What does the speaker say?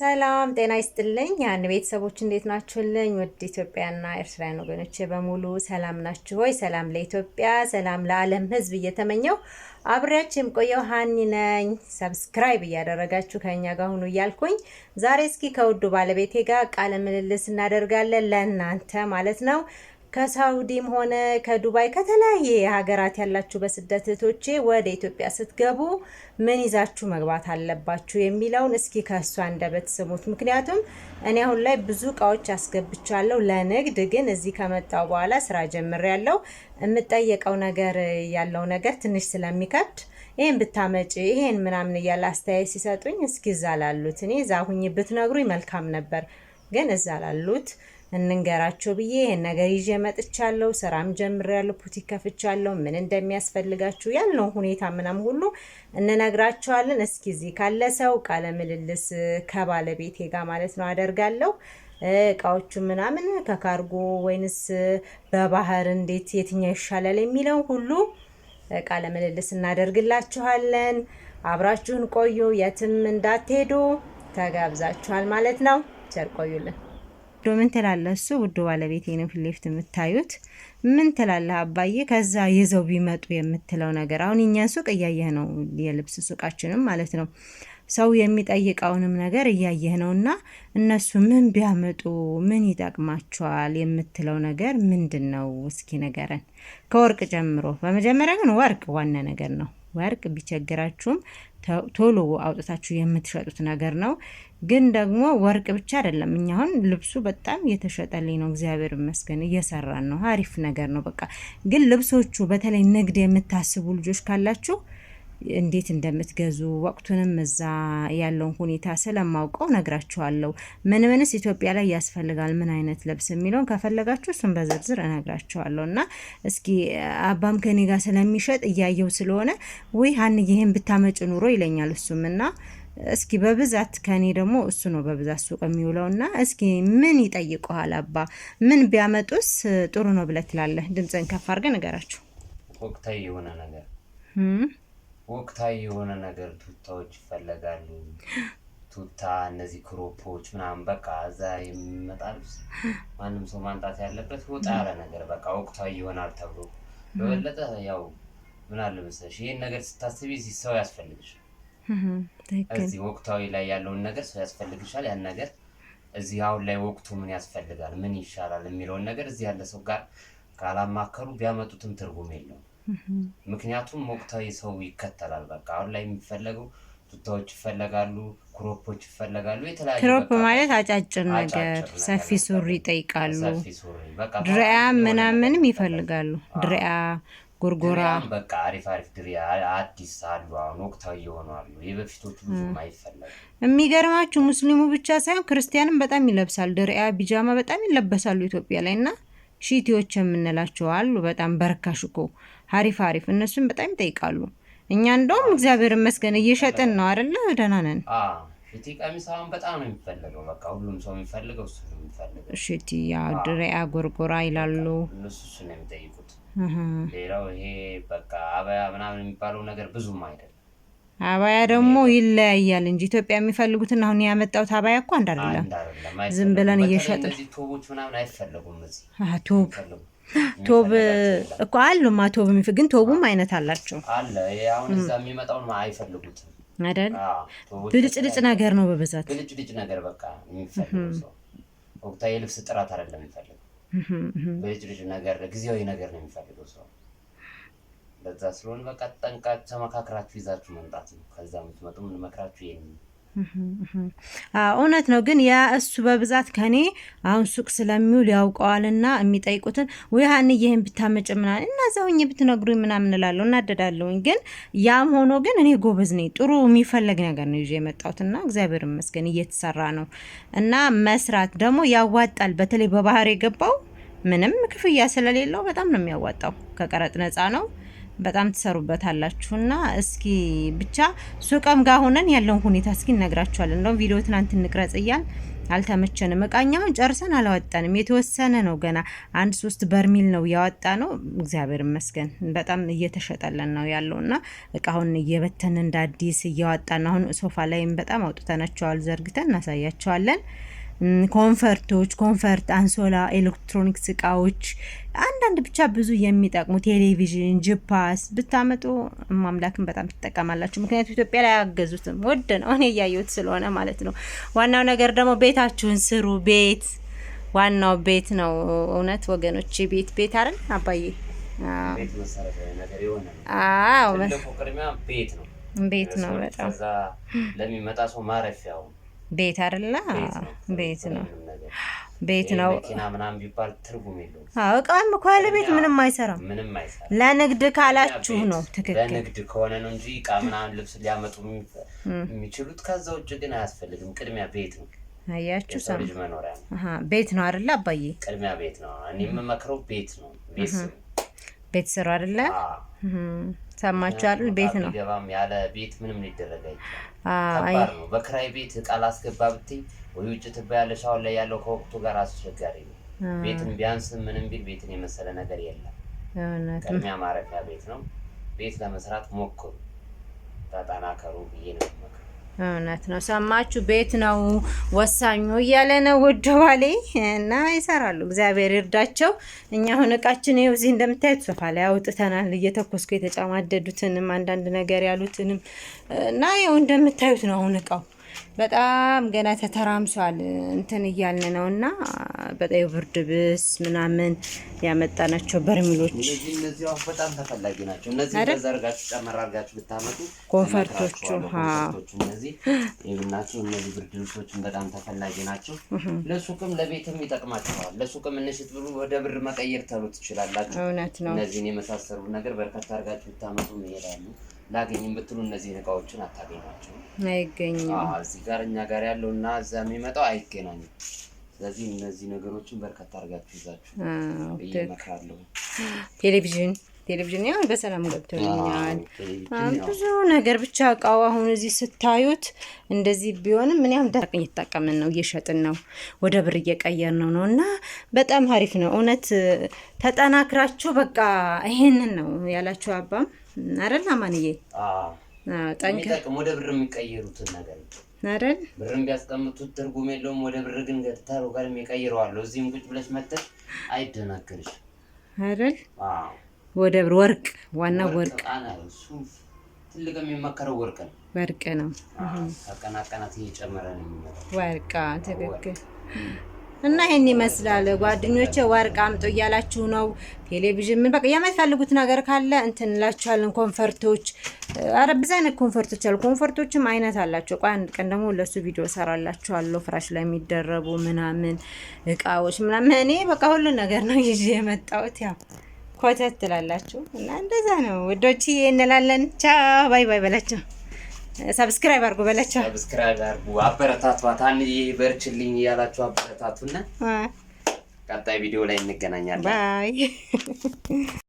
ሰላም ጤና ይስጥልኝ። ያን ቤተሰቦች እንዴት ናችሁልኝ? ውድ ኢትዮጵያና ኤርትራውያን ወገኖች በሙሉ ሰላም ናችሁ ሆይ? ሰላም ለኢትዮጵያ፣ ሰላም ለዓለም ሕዝብ እየተመኘው አብሬያችሁ የምቆየው ሀኒ ነኝ። ሰብስክራይብ እያደረጋችሁ ከኛ ጋር ሁኑ እያልኩኝ ዛሬ እስኪ ከውዱ ባለቤቴ ጋር ቃለ ምልልስ እናደርጋለን ለእናንተ ማለት ነው። ከሳውዲም ሆነ ከዱባይ ከተለያየ ሀገራት ያላችሁ በስደት እህቶቼ ወደ ኢትዮጵያ ስትገቡ ምን ይዛችሁ መግባት አለባችሁ የሚለውን እስኪ ከእሷ አንደበት ስሙት። ምክንያቱም እኔ አሁን ላይ ብዙ እቃዎች አስገብቻለሁ ለንግድ፣ ግን እዚህ ከመጣው በኋላ ስራ ጀምሬያለሁ። የምጠየቀው ነገር ያለው ነገር ትንሽ ስለሚከብድ ይህን ብታመጪ ይሄን ምናምን እያለ አስተያየት ሲሰጡኝ እስኪ እዛ ላሉት እኔ እዛ ሁኝ ብትነግሩኝ መልካም ነበር። ግን እዛ ላሉት እንንገራቸው ብዬ ይህን ነገር ይዤ መጥቻለሁ። ስራም ጀምሬያለሁ፣ ፑቲክ ከፍቻለሁ። ምን እንደሚያስፈልጋችሁ ያልነው ሁኔታ ምናም ሁሉ እንነግራቸዋለን። እስኪ እዚህ ካለ ሰው ቃለ ምልልስ ከባለቤቴ ጋር ማለት ነው አደርጋለሁ። እቃዎቹ ምናምን ከካርጎ ወይንስ በባህር እንዴት የትኛው ይሻላል የሚለው ሁሉ ቃለ ምልልስ እናደርግላችኋለን። አብራችሁን ቆዩ፣ የትም እንዳትሄዱ ተጋብዛችኋል ማለት ነው። ቸር ቆዩልን። ምን ትላለ? እሱ ውድ ባለቤቴ ነው ፊት የምታዩት። ምን ትላለ አባዬ? ከዛ ይዘው ቢመጡ የምትለው ነገር አሁን እኛን ሱቅ እያየህ ነው፣ የልብስ ሱቃችንም ማለት ነው። ሰው የሚጠይቀውንም ነገር እያየህ ነው። እና እነሱ ምን ቢያመጡ ምን ይጠቅማቸዋል የምትለው ነገር ምንድን ነው? እስኪ ነገረን፣ ከወርቅ ጀምሮ። በመጀመሪያ ግን ወርቅ ዋና ነገር ነው። ወርቅ ቢቸግራችሁም ቶሎ አውጥታችሁ የምትሸጡት ነገር ነው። ግን ደግሞ ወርቅ ብቻ አይደለም። እኛ አሁን ልብሱ በጣም እየተሸጠልኝ ነው፣ እግዚአብሔር ይመስገን እየሰራን ነው። አሪፍ ነገር ነው። በቃ ግን ልብሶቹ በተለይ ንግድ የምታስቡ ልጆች ካላችሁ እንዴት እንደምትገዙ ወቅቱንም እዛ ያለውን ሁኔታ ስለማውቀው ነግራችኋለሁ። ምን ምንስ ኢትዮጵያ ላይ ያስፈልጋል፣ ምን አይነት ልብስ የሚለውን ከፈለጋችሁ እሱን በዝርዝር እነግራችኋለሁ። እና እስኪ አባም ከኔ ጋር ስለሚሸጥ እያየው ስለሆነ ውይ ሀን ይህን ብታመጭ ኑሮ ይለኛል እሱም እና እስኪ በብዛት ከኔ ደግሞ እሱ ነው በብዛት ሱቅ የሚውለው እና እስኪ ምን ይጠይቀዋል አባ ምን ቢያመጡስ ጥሩ ነው ብለህ ትላለህ? ድምፅን ከፍ አድርገህ ንገራችሁ። ወቅታዊ የሆነ ነገር ወቅታዊ የሆነ ነገር ቱታዎች ይፈለጋሉ። ቱታ፣ እነዚህ ክሮፖች ምናምን በቃ እዛ የሚመጣል ማንም ሰው ማምጣት ያለበት ወጣ ያለ ነገር በቃ ወቅታዊ ይሆናል ተብሎ በበለጠ ያው ምን አለ መሰለሽ ይሄን ነገር ስታስቢ ሰው ያስፈልግሽ እዚህ ወቅታዊ ላይ ያለውን ነገር ሰው ያስፈልግሻል። ያን ነገር እዚህ አሁን ላይ ወቅቱ ምን ያስፈልጋል፣ ምን ይሻላል የሚለውን ነገር እዚህ ያለ ሰው ጋር ካላማከሩ ቢያመጡትም ትርጉም የለውም። ምክንያቱም ወቅታዊ ሰው ይከተላል። በቃ አሁን ላይ የሚፈለገው ቱታዎች ይፈለጋሉ፣ ክሮፖች ይፈለጋሉ። የተለያዩ ክሮፕ ማለት አጫጭር ነገር ሰፊ ሱሪ ይጠይቃሉ። ድሪያ ምናምንም ይፈልጋሉ ድሪያ ጎርጎራ በቃ አሪፍ አሪፍ ድሪያ አዲስ አሉ። አሁን ወቅታዊ የሆኑ አሉ። የበፊቶቹ ብዙም አይፈለጉም። የሚገርማችሁ ሙስሊሙ ብቻ ሳይሆን ክርስቲያንም በጣም ይለብሳል። ድሪያ ቢጃማ በጣም ይለበሳሉ ኢትዮጵያ ላይ እና ሺቲዎች የምንላቸው አሉ። በጣም በርካሽ እኮ አሪፍ አሪፍ እነሱም በጣም ይጠይቃሉ። እኛ እንደውም እግዚአብሔር ይመስገን እየሸጥን ነው አይደለ? ደህና ነን። ሽቲ ቀሚስ አሁን በጣም ነው የሚፈልገው። በቃ ሁሉም ሰው የሚፈልገው እሱ ነው የሚፈልገው። ሽቲ ያ ድሪያ ጎርጎራ ይላሉ እነሱ እሱ ነው የሚጠይቁት። ሌላው ይሄ በቃ አበያ ምናምን የሚባለው ነገር ብዙም አይደለም። አባያ ደግሞ ይለያያል እንጂ ኢትዮጵያ የሚፈልጉትን አሁን ያመጣሁት አባያ እኮ አንድ አይደለም። ዝም ብለን እየሸጥን ቶቦች ምናምን አይፈለጉም። ቶብ ቶብ እኮ አሉማ ቶብ የሚፍ ግን ቶቡም አይነት አላቸው አለ። አሁን እዛ የሚመጣውን አይፈልጉትም አይደል? ብልጭልጭ ነገር ነው በብዛት ብልጭልጭ ነገር በቃ የሚፈልጉ ሰው ወቅታዊ ጥራት አይደለም የሚፈልጉ በልጅ ልጅ ነገር ጊዜያዊ ነገር ነው የሚፈልገው ሰው። በዛ ስለሆነ በቃ ጠንቃ ተመካክራችሁ ይዛችሁ መምጣት ነው። ከዛ የምትመጡ የምንመክራችሁ ይሄን እውነት ነው። ግን ያ እሱ በብዛት ከኔ አሁን ሱቅ ስለሚውል ያውቀዋልና የሚጠይቁትን ውሃን ይህን ብታመጭ እና ዘውኝ ብትነግሩ ምናምን እላለሁ፣ እናደዳለሁኝ። ግን ያም ሆኖ ግን እኔ ጎበዝ ነኝ። ጥሩ የሚፈለግ ነገር ነው ይዤ የመጣሁትና እግዚአብሔር ይመስገን እየተሰራ ነው። እና መስራት ደግሞ ያዋጣል። በተለይ በባህር የገባው ምንም ክፍያ ስለሌለው በጣም ነው የሚያዋጣው። ከቀረጥ ነፃ ነው። በጣም ትሰሩበታላችሁና እስኪ ብቻ ሱቀም ጋር ሆነን ያለውን ሁኔታ እስኪ እነግራችኋለን። እንደውም ቪዲዮ ትናንት እንቅረጽ እያል አልተመቸንም። እቃኛውን ጨርሰን አላወጣንም። የተወሰነ ነው ገና አንድ ሶስት በርሚል ነው ያወጣ ነው። እግዚአብሔር ይመስገን በጣም እየተሸጠለን ነው ያለውና እቃውን እየበተን እንደ አዲስ እያወጣን አሁን ሶፋ ላይም በጣም አውጥተናቸዋል። ዘርግተን እናሳያቸዋለን። ኮንፈርቶች፣ ኮንፈርት አንሶላ፣ ኤሌክትሮኒክስ እቃዎች፣ አንዳንድ ብቻ ብዙ የሚጠቅሙ ቴሌቪዥን፣ ጅፓስ ብታመጡ ማምላክን በጣም ትጠቀማላችሁ። ምክንያቱም ኢትዮጵያ ላይ አያገዙትም፣ ውድ ነው። እኔ እያየሁት ስለሆነ ማለት ነው። ዋናው ነገር ደግሞ ቤታችሁን ስሩ። ቤት ዋናው ቤት ነው። እውነት ወገኖች፣ ቤት ቤት አይደል አባዬ? ቤት ነው። ቤት ነው በጣም ለሚመጣ ሰው ማረፊያው ቤት አይደለ? ቤት ነው ቤት ነው። እቃም እኮ ያለ ቤት ምንም አይሰራም። ለንግድ ካላችሁ ነው ትክክል። ለንግድ ከሆነ ነው እንጂ እቃ ምናምን ልብስ ሊያመጡ የሚችሉት ከዛ ውጭ ግን አያስፈልግም። ቅድሚያ ቤት ነው። አያችሁ፣ ሰው ልጅ ቤት ነው አይደለ? አባዬ ቅድሚያ ቤት ነው። እኔ የምመክረው ቤት ነው ቤት ነው። ቤት ስሩ አይደለ? ሰማችኋል። ቤት ነው ገባም ያለ ቤት ምንም ሊደረግ አይቻል በክራይ ቤት ቃል አስገባ ብትይ ወይ ውጭ ትባያለሽ። አሁን ላይ ያለው ከወቅቱ ጋር አስቸጋሪ ነው። ቤትን ቢያንስ ምንም ቢል ቤትን የመሰለ ነገር የለም። ቅድሚያ ማረፊያ ቤት ነው። ቤት ለመስራት ሞክሩ፣ ተጠናከሩ ብዬ ነው። እውነት ነው። ሰማችሁ? ቤት ነው ወሳኙ እያለ ነው ውድ ባሌ እና ይሰራሉ። እግዚአብሔር ይርዳቸው። እኛ አሁን እቃችን ይኸው እዚህ እንደምታዩት ሶፋ ላይ አውጥተናል። እየተኮስኩ የተጨማደዱትንም አንዳንድ ነገር ያሉትንም እና ይኸው እንደምታዩት ነው። አሁን እቃው በጣም ገና ተተራምሷል። እንትን እያልን ነው እና በጣም ብርድ ብስ ምናምን ያመጣናቸው በርሜሎች በጣም ተፈላጊ ናቸው። እነዚህ አድርጋችሁ ጨመር አድርጋችሁ ብታመጡ ኮንፈርቶቹ እነዚህ ናቸው። እነዚህ ብርድ ልብሶችን በጣም ተፈላጊ ናቸው። ለሱቅም ለቤትም ይጠቅማችኋል። ለሱቅም እንሽት ብሉ ወደ ብር መቀየር ተሉ ትችላላችሁ። እውነት ነው። እነዚህን የመሳሰሉ ነገር በርካታ አድርጋችሁ ብታመጡ ይሄዳሉ። ላገኝም ብትሉ እነዚህ እቃዎችን አታገኛቸው አይገኝም። እዚህ ጋር እኛ ጋር ያለው እና እዛ የሚመጣው አይገናኝም። ስለዚህ እነዚህ ነገሮችን በርካታ አድርጋችሁ ይዛችሁ እየመክራለሁ። ቴሌቪዥን ቴሌቪዥን ያው በሰላም ገብቶልኛል። ብዙ ነገር ብቻ እቃው አሁን እዚህ ስታዩት እንደዚህ ቢሆንም ምን ያህል ደረቅ እየተጠቀምን ነው፣ እየሸጥን ነው፣ ወደ ብር እየቀየር ነው ነው እና በጣም አሪፍ ነው እውነት ተጠናክራችሁ በቃ ይሄንን ነው ያላችሁ። አባም አረላ ማንዬ ጠንቅ ወደ ብር የሚቀየሩትን ነገር አይደል? ብርም ቢያስቀምጡት ትርጉም የለውም። ወደ ብር ግን ገጥታ ሮጋል የሚቀይረዋለሁ። እዚህም ቁጭ ብለሽ መጠሽ አይደናገርሽ አይደል? ወደ ብር ወርቅ፣ ዋና ወርቅ ትልቅ የሚመከረው ወርቅ ነው። ወርቅ ነው። ቀናቀናት እየጨመረ ነው። ወርቃ ትክክል እና ይሄን ይመስላል ጓደኞቼ። ወርቅ አምጡ እያላችሁ ነው ቴሌቪዥን፣ ምን በቃ የማይፈልጉት ነገር ካለ እንትን ኮንፈርቶች፣ አረ ብዙ አይነት ኮንፈርቶች አሉ። ኮንፈርቶችም አይነት አላቸው። ቆይ አንድ ቀን ደግሞ ለሱ ቪዲዮ ሰራላችኋለሁ። ፍራሽ ላይ የሚደረቡ ምናምን እቃዎች ምናምን፣ እኔ በቃ ሁሉ ነገር ነው ይዤ የመጣሁት። ያው ኮተት ትላላችሁ እና እንደዛ ነው ውዶች እንላለን። ቻው ባይ ባይ በላቸው። ሰብስክራይብ አድርጉ በለቻው። ሰብስክራይብ አድርጉ አበረታቷት። አንዬ በርችልኝ እያላችሁ አበረታቱና ቀጣይ ቪዲዮ ላይ እንገናኛለን። ባይ